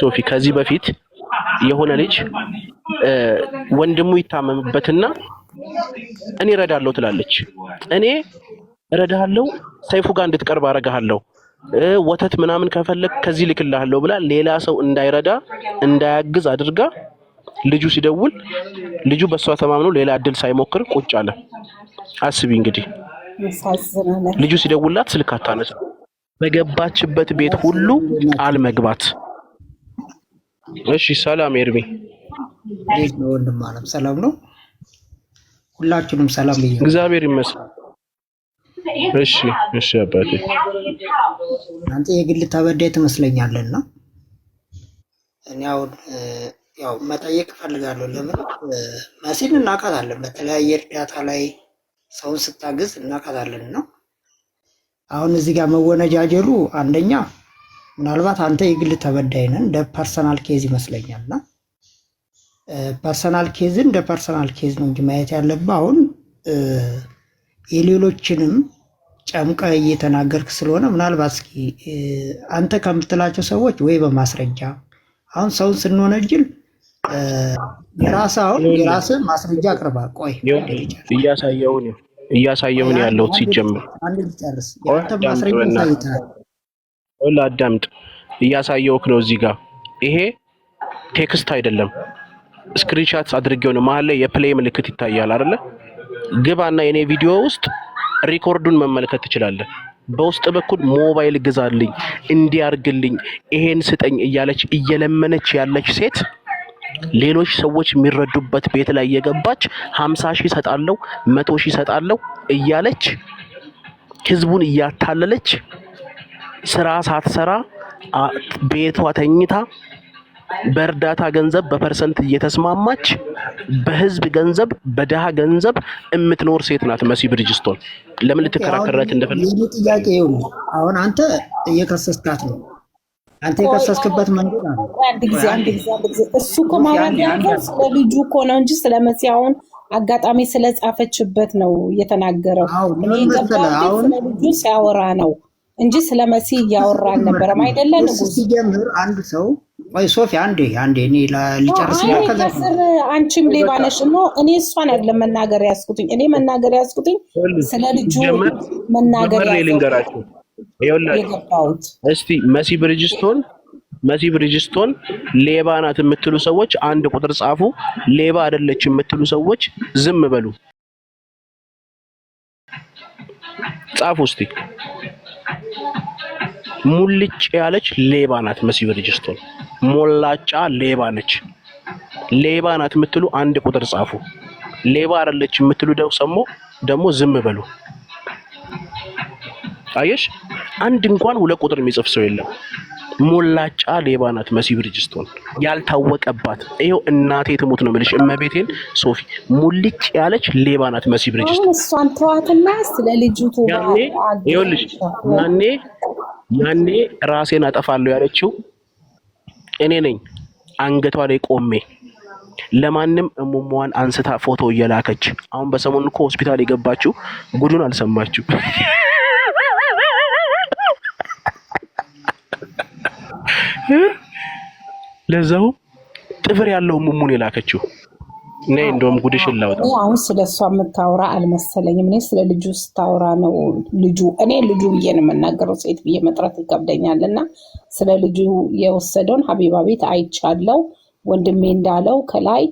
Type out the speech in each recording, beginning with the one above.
ሶፊ ከዚህ በፊት የሆነ ልጅ ወንድሙ ይታመምበትና እኔ እረዳለሁ ትላለች። እኔ እረዳለሁ ሰይፉ ጋር እንድትቀርብ አረጋለሁ ወተት ምናምን ከፈለግ ከዚህ ልክልሃለሁ ብላ ሌላ ሰው እንዳይረዳ እንዳያግዝ አድርጋ ልጁ ሲደውል ልጁ በእሷ ተማምኖ ሌላ እድል ሳይሞክር ቁጭ አለ። አስቢ እንግዲህ ልጁ ሲደውላት ስልክ አታነሳ፣ በገባችበት ቤት ሁሉ ቃል መግባት። እሺ ሰላም ኤርሜ፣ እንዴት ነው ወንድም? አለም ሰላም ነው። ሁላችሁንም ሰላም ይሁን። እግዚአብሔር ይመስገን። እሺ እሺ አባቴ፣ አንተ የግል ተበዳይ ትመስለኛለና እኔ አሁን ያው መጠየቅ እፈልጋለሁ። ለምን መሲን እናውቃታለን በተለያየ እርዳታ ላይ ሰውን ስታግዝ እናካታለን ነው። አሁን እዚህ ጋር መወነጃጀሉ አንደኛ ምናልባት አንተ የግል ነን እንደ ፐርሰናል ኬዝ ይመስለኛል እና ፐርሰናል ኬዝን እንደ ፐርሰናል ኬዝ ነው እንጂ ማየት ያለብህ አሁን የሌሎችንም ጨምቀ እየተናገርክ ስለሆነ ምናልባት እስኪ አንተ ከምትላቸው ሰዎች ወይ በማስረጃ አሁን ሰውን ስንወነጅል የራስህ አሁን የራስህ ማስረጃ አቅርባ። ቆይ እያሳየውን ያለሁት ሲጀምር አዳምጥ። እያሳየውክ ነው እዚህ ጋር ይሄ ቴክስት አይደለም ስክሪንሻት አድርጌው ነው። መሀል ላይ የፕሌይ ምልክት ይታያል አይደለ? ግባና የኔ ቪዲዮ ውስጥ ሪኮርዱን መመልከት ትችላለህ። በውስጥ በኩል ሞባይል ግዛልኝ፣ እንዲያርግልኝ፣ ይሄን ስጠኝ እያለች እየለመነች ያለች ሴት ሌሎች ሰዎች የሚረዱበት ቤት ላይ የገባች ሀምሳ ሺህ እሰጣለሁ መቶ ሺህ እሰጣለሁ እያለች ህዝቡን እያታለለች ስራ ሳትሰራ ቤቷ ተኝታ በእርዳታ ገንዘብ በፐርሰንት እየተስማማች በህዝብ ገንዘብ በድሃ ገንዘብ የምትኖር ሴት ናት መሲ ብርጅስቶን። ለምን ልትከራከርላት እንደፈለግ ጥያቄ። አሁን አንተ እየከሰስካት ነው አንተ የከሰስክበት መንገድ አንድ ጊዜ አንድ ጊዜ እሱ እኮ ማውራት ያለው ስለ ልጁ እኮ ነው እንጂ ስለ መሲ አሁን አጋጣሚ ስለጻፈችበት ነው እየተናገረው። እኔ ስለ ልጁ ሲያወራ ነው እንጂ ስለ መሲ እያወራ አልነበረም አይደለ? ንጉስ ሲጀምር አንድ ሰው ወይ ሶፊ አንዴ አንዴ እኔ ልጨርስ ከስር አንቺም ሌባ ነሽ ነው። እኔ እሷን አይደለም መናገር ያስኩትኝ። እኔ መናገር ያስኩትኝ ስለ ልጁ መናገር ያስኩትኝ እስቲ መሲ ብሪጅስቶን መሲ ብሪጅስቶን ሌባ ናት የምትሉ ሰዎች አንድ ቁጥር ጻፉ። ሌባ አይደለች የምትሉ ሰዎች ዝም በሉ ጻፉ። እስቲ ሙልጭ ያለች ሌባ ናት መሲ ብሪጅስቶን፣ ሞላጫ ሌባ ነች። ሌባ ናት የምትሉ አንድ ቁጥር ጻፉ። ሌባ አይደለች የምትሉ ደው ሰሞ ደግሞ ዝም በሉ። አየሽ፣ አንድ እንኳን ሁለት ቁጥር የሚጽፍ ሰው የለም። ሞላጫ ሌባ ናት መሲ ብርጅስቶን ያልታወቀባት። ይኸው እናቴ ትሙት ነው የምልሽ፣ እመቤቴን ሶፊ ሙልጭ ያለች ሌባ ናት መሲ ብርጅስቶን። እሷን ተዋትና ስለ ልጅቱ ይኸውልሽ፣ ያኔ ያኔ ራሴን አጠፋለሁ ያለችው እኔ ነኝ። አንገቷ ላይ ቆሜ ለማንም እሙሟን አንስታ ፎቶ እየላከች አሁን በሰሞኑ እኮ ሆስፒታል የገባችው ጉዱን አልሰማችሁ ለዛው ጥፍር ያለው ሙሙን የላከችው እኔ እንደውም ጉድሽን ላውጣ። አሁን ስለ እሷ የምታወራ አልመሰለኝም። እኔ ስለ ልጁ ስታወራ ነው ልጁ እኔ ልጁ ብዬ ነው የምናገረው፣ ሴት ብዬ መጥራት ይከብደኛል። እና ስለ ልጁ የወሰደውን ሀቢባ ቤት አይቻለው። ወንድሜ እንዳለው ከላይ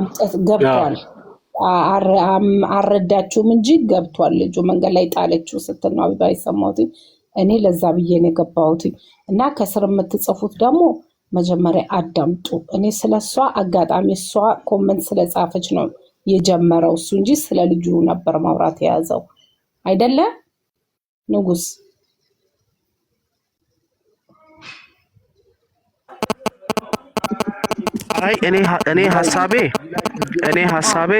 አምጠት ገብቷል። አረዳችሁም እንጂ ገብቷል። ልጁ መንገድ ላይ ጣለችው ስትል ነው ሀቢባ የሰማሁት። እኔ ለዛ ብዬ ነው የገባሁት። እና ከስር የምትጽፉት ደግሞ መጀመሪያ አዳምጡ። እኔ ስለ እሷ አጋጣሚ እሷ ኮመንት ስለጻፈች ነው የጀመረው እሱ እንጂ ስለ ልጁ ነበር ማውራት የያዘው አይደለ ንጉስ? አይ እኔ ሀሳቤ እኔ ሀሳቤ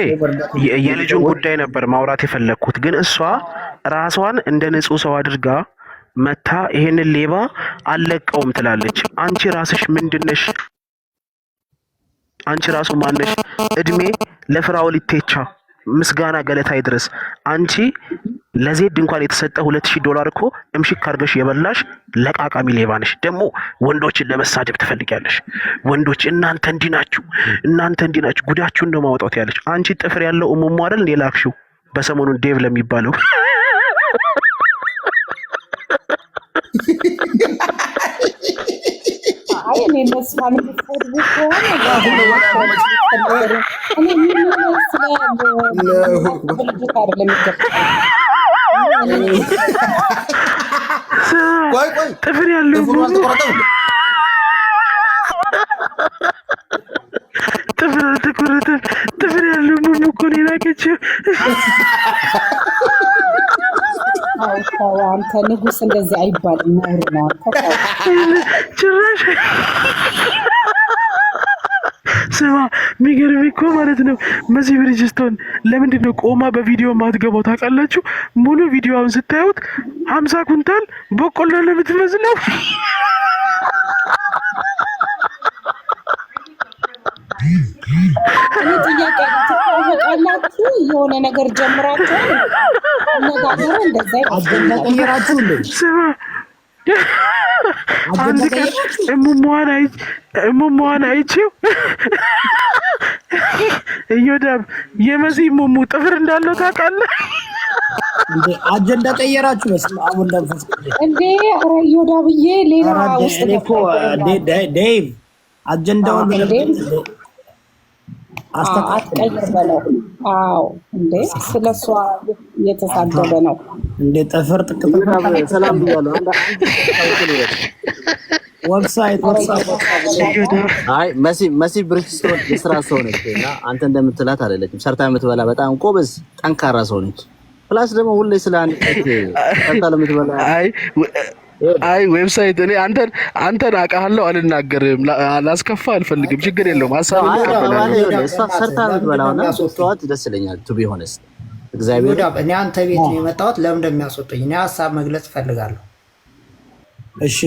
የልጁን ጉዳይ ነበር ማውራት የፈለግኩት፣ ግን እሷ ራሷን እንደ ንጹህ ሰው አድርጋ መታ ይሄንን ሌባ አልለቀውም ትላለች። አንቺ ራስሽ ምንድነሽ? አንቺ ራሱ ማነሽ? እድሜ ለፍራኦል ኢቴቻ ምስጋና ገለታ ይድረስ። አንቺ ለዜድ እንኳን የተሰጠ ሁለት ሺህ ዶላር እኮ እምሽክ አድርገሽ የበላሽ ለቃቃሚ ሌባ ነሽ። ደግሞ ወንዶችን ለመሳደብ ትፈልጊያለሽ። ወንዶች እናንተ እንዲህ ናችሁ፣ እናንተ እንዲህ ናችሁ፣ ጉዳችሁን ነው ማውጣት ያለች። አንቺ ጥፍር ያለው እሙሙ አይደል ሌላ አክሽው በሰሞኑን ዴቭ ለሚባለው አይ እኔ ጥፍር ያለው ሙሙ እኮ ነው የላከችው። አንተ ንጉስ እንደዚህ አይባልም። ጭራሽ ስማ፣ የሚገርም እኮ ማለት ነው። መሲ ብሪጅስቶን ለምንድን ነው ቆማ በቪዲዮ ማትገባው? ታውቃላችሁ? ሙሉ ቪዲዮ አሁን ስታዩት ሀምሳ ኩንታል በቆሎ ለምትመስለው ጥያቄ ጀምራችሁ የሆነ ነገር ጀምራችሁ አነጋገሩ እንደዛ አገራችሁ አንድ ቀን እሙሟን አይቼው እዮዳብ የመሲ ሙሙ ጥፍር እንዳለው ታውቃለህ። አጀንዳ ቀየራችሁ መስል አሁን ለምፈስ እንዴ ኧረ እዮዳብዬ ሌላ ውስጥ አጀንዳውን አስተካክል አዎ እንዴ ስለ እሷ እየተሳደበ ነው እንዴ? ጠፍር ጥቅጥቅሰላም ብያለሁ። ወብሳይት መሲ ብርጅስቶን የስራ ሰው ነች እና አንተ እንደምትላት አይደለችም። ሰርታ የምትበላ በጣም ቆበዝ ጠንካራ ሰው ነች። ፕላስ ደግሞ ሁሌ ስለ አንድ ሰርታ ለምትበላ አይ ዌብሳይት እኔ አንተን አንተን አውቃለሁ፣ አልናገርም፣ ላስከፋ አልፈልግም። ችግር የለውም፣ ሀሳብ እንቀበላለን። ደስ ይለኛል። ቱ እግዚአብሔር እኔ አንተ ቤት ነው የመጣሁት። ለምን እንደሚያስወጡኝ እኔ ሀሳብ መግለጽ እፈልጋለሁ። እሺ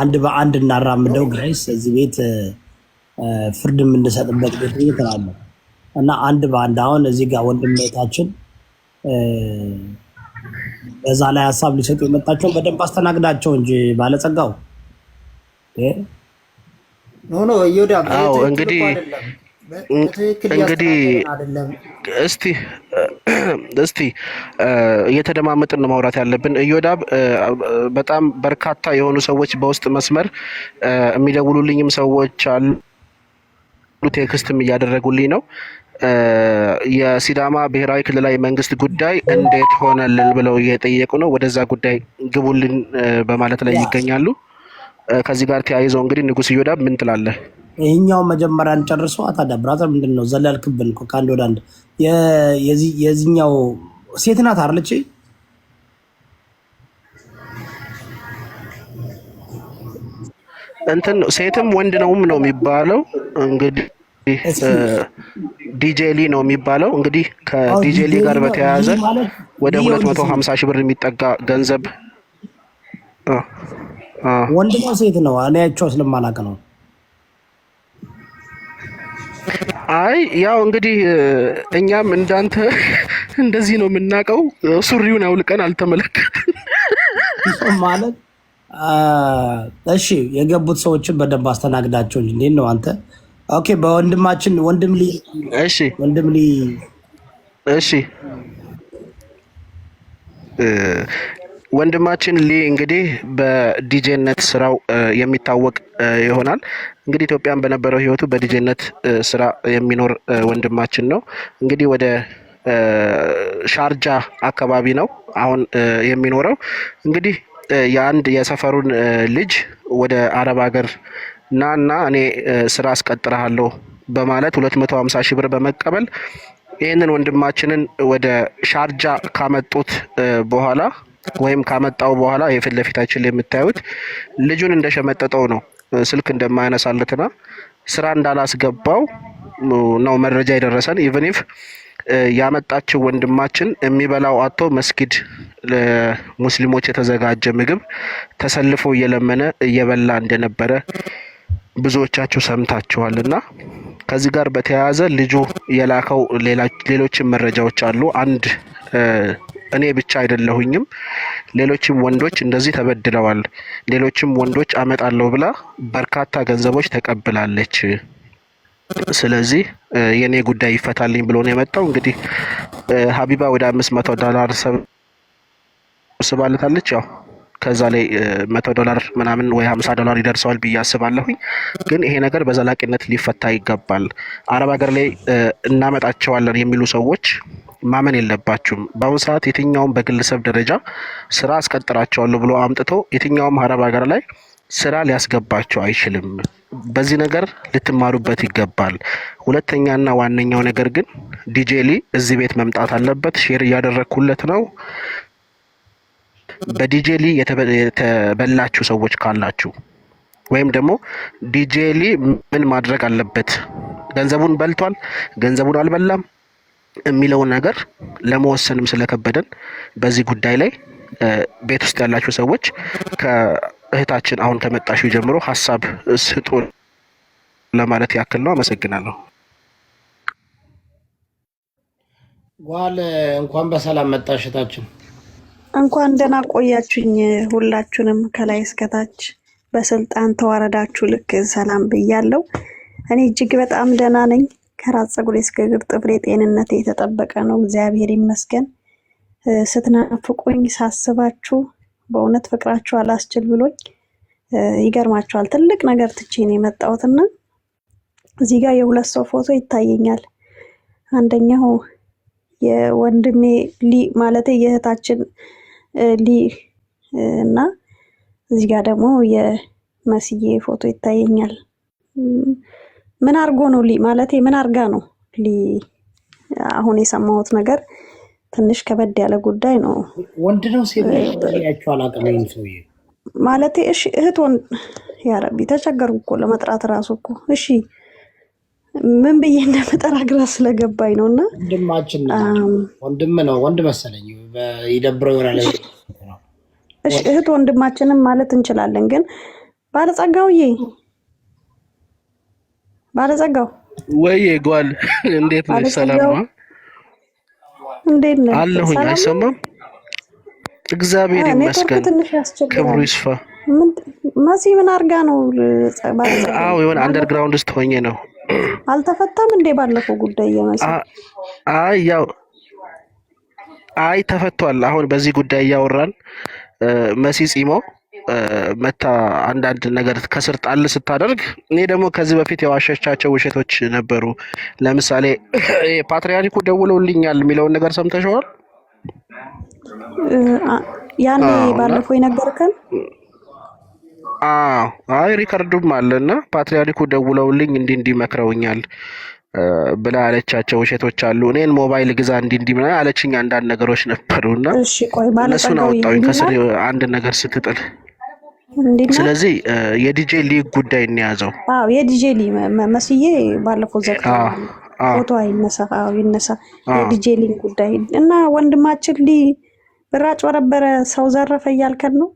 አንድ በአንድ እናራምደው ጋይስ። እዚህ ቤት ፍርድ የምንሰጥበት ቤት ትላለህ እና አንድ በአንድ አሁን እዚህ ጋር ወንድምነታችን በዛ ላይ ሀሳብ ሊሰጡ የመጣቸውን በደንብ አስተናግዳቸው እንጂ ባለጸጋው ሆኖ እንግዲህ እንግዲህ እስቲ እስቲ እየተደማመጥን ማውራት ያለብን። እዮዳብ በጣም በርካታ የሆኑ ሰዎች በውስጥ መስመር የሚደውሉልኝም ሰዎች አሉ። ቴክስትም እያደረጉልኝ ነው። የሲዳማ ብሔራዊ ክልላዊ መንግስት ጉዳይ እንዴት ሆነልን ብለው እየጠየቁ ነው። ወደዛ ጉዳይ ግቡልን በማለት ላይ ይገኛሉ። ከዚህ ጋር ተያይዘው እንግዲህ ንጉስ እዮዳ ምን ትላለህ? ይህኛው መጀመሪያን ጨርሰዋ። አታዳ ብራዘር ምንድን ነው ዘለልክብን? ከአንድ ወደ አንድ የዚህኛው ሴት ናት አርልቼ እንትን ሴትም ወንድ ነውም ነው የሚባለው። እንግዲህ ሊ ነው የሚባለው። እንግዲህ ሊ ጋር በተያያዘ ወደ ሁለት መቶ ሀምሳ ሺህ ብር የሚጠጋ ገንዘብ ወንድ ነው ሴት ነው አለያቸው ስለማላቅ ነው። አይ ያው እንግዲህ እኛም እንዳንተ እንደዚህ ነው የምናውቀው። ሱሪውን አውልቀን አልተመለከትን ማለት እሺ የገቡት ሰዎችን በደንብ አስተናግዳቸው እንጂ እንዴት ነው አንተ? ኦኬ በወንድማችን ወንድም ሊ እሺ፣ ወንድም ሊ እሺ፣ ወንድማችን ሊ እንግዲህ በዲጄነት ስራው የሚታወቅ ይሆናል። እንግዲህ ኢትዮጵያን በነበረው ህይወቱ በዲጄነት ስራ የሚኖር ወንድማችን ነው። እንግዲህ ወደ ሻርጃ አካባቢ ነው አሁን የሚኖረው እንግዲህ የአንድ የሰፈሩን ልጅ ወደ አረብ ሀገር ና ና እኔ ስራ አስቀጥረሃለሁ በማለት 250 ሺህ ብር በመቀበል ይህንን ወንድማችንን ወደ ሻርጃ ካመጡት በኋላ ወይም ካመጣው በኋላ የፊት ለፊታችን የምታዩት ልጁን እንደሸመጠጠው ነው። ስልክ እንደማያነሳለትና ስራ እንዳላስገባው ነው መረጃ የደረሰን ኢቨን ኢፍ ያመጣችው ወንድማችን የሚበላው አቶ መስጊድ ለሙስሊሞች የተዘጋጀ ምግብ ተሰልፎ እየለመነ እየበላ እንደነበረ ብዙዎቻችሁ ሰምታችኋል እና ከዚህ ጋር በተያያዘ ልጁ የላከው ሌሎችም መረጃዎች አሉ። አንድ እኔ ብቻ አይደለሁኝም፣ ሌሎችም ወንዶች እንደዚህ ተበድለዋል፣ ሌሎችም ወንዶች አመጣለሁ ብላ በርካታ ገንዘቦች ተቀብላለች። ስለዚህ የእኔ ጉዳይ ይፈታልኝ ብሎ ነው የመጣው። እንግዲህ ሀቢባ ወደ አምስት መቶ ዶላር ሰብስባለታለች። ያው ከዛ ላይ መቶ ዶላር ምናምን ወይ ሀምሳ ዶላር ይደርሰዋል ብዬ አስባለሁኝ። ግን ይሄ ነገር በዘላቂነት ሊፈታ ይገባል። አረብ ሀገር ላይ እናመጣቸዋለን የሚሉ ሰዎች ማመን የለባችሁም። በአሁኑ ሰዓት የትኛውም በግለሰብ ደረጃ ስራ አስቀጥራቸዋለሁ ብሎ አምጥቶ የትኛውም አረብ ሀገር ላይ ስራ ሊያስገባቸው አይችልም። በዚህ ነገር ልትማሩበት ይገባል። ሁለተኛና ዋነኛው ነገር ግን ዲጄሊ እዚህ ቤት መምጣት አለበት። ሼር እያደረግኩለት ነው። በዲጄሊ የተበላችሁ ሰዎች ካላችሁ ወይም ደግሞ ዲጄሊ ምን ማድረግ አለበት፣ ገንዘቡን በልቷል፣ ገንዘቡን አልበላም የሚለውን ነገር ለመወሰንም ስለከበደን በዚህ ጉዳይ ላይ ቤት ውስጥ ያላችሁ ሰዎች እህታችን አሁን ከመጣሽ ጀምሮ ሀሳብ ስጡ ለማለት ያክል ነው። አመሰግናለሁ። ጓል እንኳን በሰላም መጣሽ እህታችን። እንኳን ደህና ቆያችሁኝ ሁላችሁንም ከላይ እስከታች በስልጣን ተዋረዳችሁ። ልክ ሰላም ብያለው። እኔ እጅግ በጣም ደህና ነኝ። ከራስ ፀጉሬ እስከ እግር ጥፍሬ ጤንነት የተጠበቀ ነው፣ እግዚአብሔር ይመስገን። ስትናፍቁኝ ሳስባችሁ በእውነት ፍቅራችሁ አላስችል ብሎኝ ይገርማችኋል። ትልቅ ነገር ትቼ ነው የመጣሁት እና እዚህ ጋር የሁለት ሰው ፎቶ ይታየኛል። አንደኛው የወንድሜ ሊ ማለቴ የእህታችን ሊ እና እዚህ ጋር ደግሞ የመስዬ ፎቶ ይታየኛል። ምን አርጎ ነው ሊ ማለቴ ምን አርጋ ነው ሊ አሁን የሰማሁት ነገር ትንሽ ከበድ ያለ ጉዳይ ነው። ወንድ ነው ሴት ማለት እሺ፣ እህት ወንድ ያረቢ ተቸገርኩ እኮ ለመጥራት እራሱ እኮ እሺ፣ ምን ብዬ እንደመጠራ ግራ ስለገባኝ ነው። እና ወንድማችን ወንድም ነው ወንድ መሰለኝ ይደብረው ይሆናል። እሺ፣ እህት ወንድማችንም ማለት እንችላለን። ግን ባለጸጋውዬ ባለጸጋው ወይ ጓል እንዴት ነው? ሰላም ነው እንዴት ነህ? አለሁኝ። አይሰማም? እግዚአብሔር ይመስገን፣ ክብሩ ይስፋ። መሲ ምን አርጋ ነው? አዎ የሆነ አንደርግራውንድ ውስጥ ሆኜ ነው። አልተፈታም እንዴ ባለፈው ጉዳይ የመሲ አይ ያው አይ ተፈቷል። አሁን በዚህ ጉዳይ እያወራን መሲ ጺሞ መታ አንዳንድ ነገር ከስር ጣል ስታደርግ እኔ ደግሞ ከዚህ በፊት የዋሸቻቸው ውሸቶች ነበሩ። ለምሳሌ ፓትርያርኩ ደውለውልኛል የሚለውን ነገር ሰምተሸዋል? ያኔ ባለፈው የነገርከን አይ ሪከርዱም አለና ፓትርያርኩ ደውለውልኝ እንዲህ እንዲህ መክረውኛል ብላ አለቻቸው። ውሸቶች አሉ። እኔን ሞባይል ግዛ እንዲህ እንዲህ ምናምን አለችኝ። አንዳንድ ነገሮች ነበሩ እና እነሱን አወጣሁኝ ከስር አንድ ነገር ስትጥል ስለዚህ የዲጄ ሊ ጉዳይ እንያዘው። አዎ የዲጄ ሊ መስዬ ባለፈው ዘግ ፎቶ ይነሳ፣ ይነሳ የዲጄ ሊ ጉዳይ እና ወንድማችን ሊ ራጭ ወረበረ ሰው ዘረፈ እያልከን ነው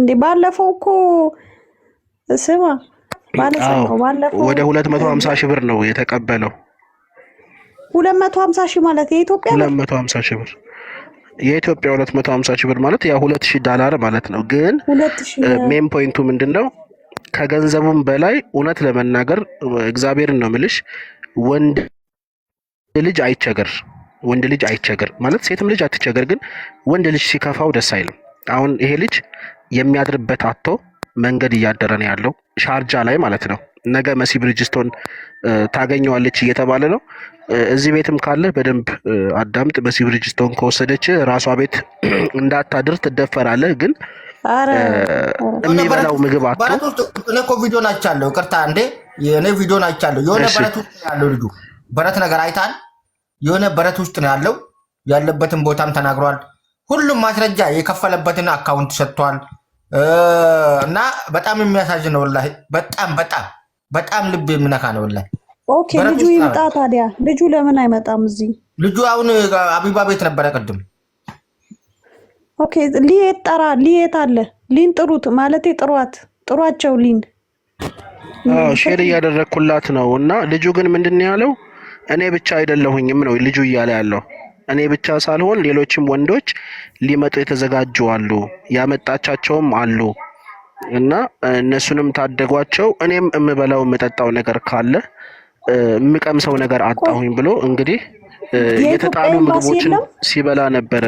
እንዴ? ባለፈው እኮ ስማ ወደ ሁለት መቶ ሀምሳ ሺህ ብር ነው የተቀበለው። ሁለት መቶ ሀምሳ ሺህ ማለት የኢትዮጵያ ሁለት መቶ ሀምሳ ሺህ ብር የኢትዮጵያ 250 ሺህ ብር ማለት ያ 2000 ዳላር ማለት ነው። ግን ሜን ፖይንቱ ምንድን ነው? ከገንዘቡም በላይ እውነት ለመናገር እግዚአብሔርን ነው ምልሽ፣ ወንድ ልጅ አይቸገር፣ ወንድ ልጅ አይቸገር ማለት ሴትም ልጅ አትቸገር፣ ግን ወንድ ልጅ ሲከፋው ደስ አይልም። አሁን ይሄ ልጅ የሚያድርበት አጥቶ መንገድ እያደረ ነው ያለው ሻርጃ ላይ ማለት ነው። ነገ መሲ ብሪጅስቶን ታገኘዋለች እየተባለ ነው። እዚህ ቤትም ካለ በደንብ አዳምጥ። መሲ ብሪጅስቶን ከወሰደች ራሷ ቤት እንዳታድር ትደፈራለህ። ግን የሚበላው ምግብ አቶ እኔ እኮ ቪዲዮን ቅርታ እንዴ እኔ ቪዲዮ ናቻለሁ። የሆነ በረት ውስጥ ያለው ልጁ በረት ነገር አይታል። የሆነ በረት ውስጥ ነው ያለው። ያለበትን ቦታም ተናግሯል። ሁሉም ማስረጃ የከፈለበትን አካውንት ሰጥቷል። እና በጣም የሚያሳዝን ነው ወላሂ በጣም በጣም በጣም ልብ የምነካ ነው። ላይ ኦኬ፣ ልጁ ይምጣ ታዲያ። ልጁ ለምን አይመጣም እዚህ? ልጁ አሁን አቢባ ቤት ነበረ ቅድም። ኦኬ፣ ሊየት ጠራ። ሊየት አለ። ሊን ጥሩት ማለት ጥሯት፣ ጥሯቸው። ሊን ሼር እያደረግኩላት ነው። እና ልጁ ግን ምንድን ያለው እኔ ብቻ አይደለሁኝም ነው ልጁ እያለ ያለው እኔ ብቻ ሳልሆን ሌሎችም ወንዶች ሊመጡ የተዘጋጁ አሉ፣ ያመጣቻቸውም አሉ እና እነሱንም ታደጓቸው። እኔም የምበላው የምጠጣው ነገር ካለ የምቀምሰው ነገር አጣሁኝ ብሎ እንግዲህ የተጣሉ ምግቦችን ሲበላ ነበረ።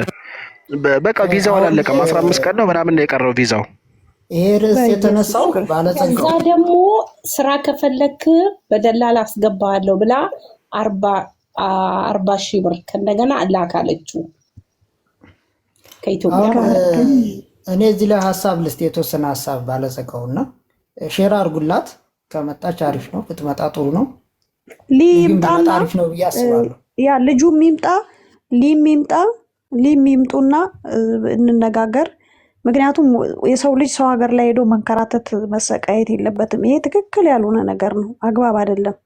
በቃ ቪዛው አላለቀም። አስራ አምስት ቀን ነው ምናምን ነው የቀረው ቪዛው። እዛ ደግሞ ስራ ከፈለክ በደላላ አስገባለሁ ብላ አርባ ሺህ ብር ከእንደገና ላካለችው ከኢትዮጵያ እኔ እዚህ ላይ ሀሳብ ልስጥ፣ የተወሰነ ሀሳብ ባለጸጋውና ሼር አድርጉላት። ከመጣች አሪፍ ነው፣ ብትመጣ ጥሩ ነው። ሊምጣና አሪፍ ነው ብዬ አስባለሁ። ያ ልጁ ይምጣ፣ ሊም ይምጣ፣ ሊም እንነጋገር። ምክንያቱም የሰው ልጅ ሰው ሀገር ላይ ሄዶ መንከራተት መሰቃየት የለበትም። ይሄ ትክክል ያልሆነ ነገር ነው፣ አግባብ አይደለም።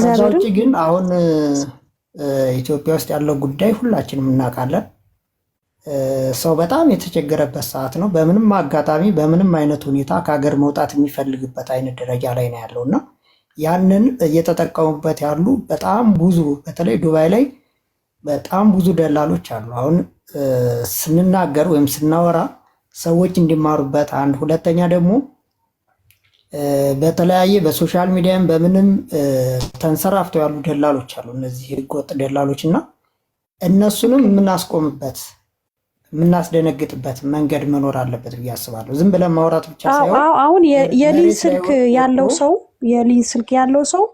ከዛ ውጭ ግን አሁን ኢትዮጵያ ውስጥ ያለው ጉዳይ ሁላችንም እናውቃለን። ሰው በጣም የተቸገረበት ሰዓት ነው። በምንም አጋጣሚ በምንም አይነት ሁኔታ ከሀገር መውጣት የሚፈልግበት አይነት ደረጃ ላይ ነው ያለው እና ያንን እየተጠቀሙበት ያሉ በጣም ብዙ በተለይ ዱባይ ላይ በጣም ብዙ ደላሎች አሉ። አሁን ስንናገር ወይም ስናወራ ሰዎች እንዲማሩበት አንድ፣ ሁለተኛ ደግሞ በተለያየ በሶሻል ሚዲያም በምንም ተንሰራፍተው ያሉ ደላሎች አሉ። እነዚህ ህገወጥ ደላሎች እና እነሱንም የምናስቆምበት የምናስደነግጥበት መንገድ መኖር አለበት ብዬ አስባለሁ። ዝም ብለን ማውራት ብቻ ሳይሆን አሁን የሊን ስልክ ያለው ሰው የሊን ስልክ ያለው ሰው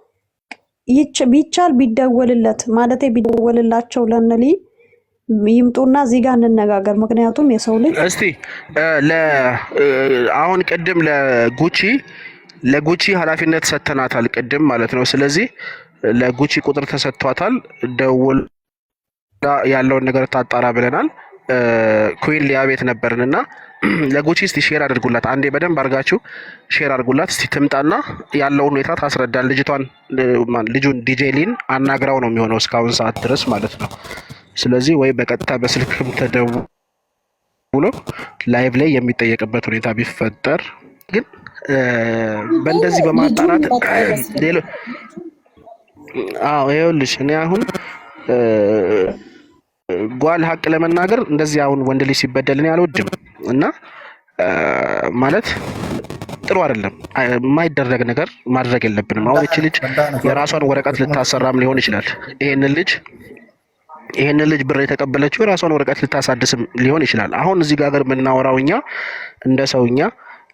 ቢቻል ቢደወልለት ማለት ቢደወልላቸው ለንሊ ይምጡና እዚህ ጋር እንነጋገር። ምክንያቱም የሰው ልጅ እስቲ አሁን ቅድም ለጉቺ ለጉቺ ኃላፊነት ሰተናታል ቅድም ማለት ነው። ስለዚህ ለጉቺ ቁጥር ተሰጥቷታል። ደውል ያለውን ነገር ታጣራ ብለናል። ኩዊን ሊያ ቤት ነበርን እና ለጉቺ እስቲ ሼር አድርጉላት አንዴ በደንብ አድርጋችሁ ሼር አድርጉላት። እስቲ ትምጣና ያለውን ሁኔታ ታስረዳል። ልጅቷን ልጁን ዲጄሊን አናግራው ነው የሚሆነው እስካሁን ሰዓት ድረስ ማለት ነው። ስለዚህ ወይ በቀጥታ በስልክም ተደውሎ ላይቭ ላይ የሚጠየቅበት ሁኔታ ቢፈጠር ግን በእንደዚህ በማጣራት ሌሎ አዎ ይኸውልሽ እኔ አሁን ጓል ሀቅ ለመናገር እንደዚህ አሁን ወንድ ልጅ ሲበደልን አልወድም እና ማለት ጥሩ አይደለም። የማይደረግ ነገር ማድረግ የለብንም። አሁን ይች ልጅ የራሷን ወረቀት ልታሰራም ሊሆን ይችላል። ይህን ልጅ ይህን ልጅ ብር የተቀበለችው የራሷን ወረቀት ልታሳድስም ሊሆን ይችላል። አሁን እዚህ ጋር የምናወራው እኛ እንደ ሰውኛ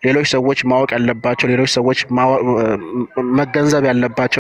ሌሎች ሰዎች ማወቅ ያለባቸው ሌሎች ሰዎች መገንዘብ ያለባቸው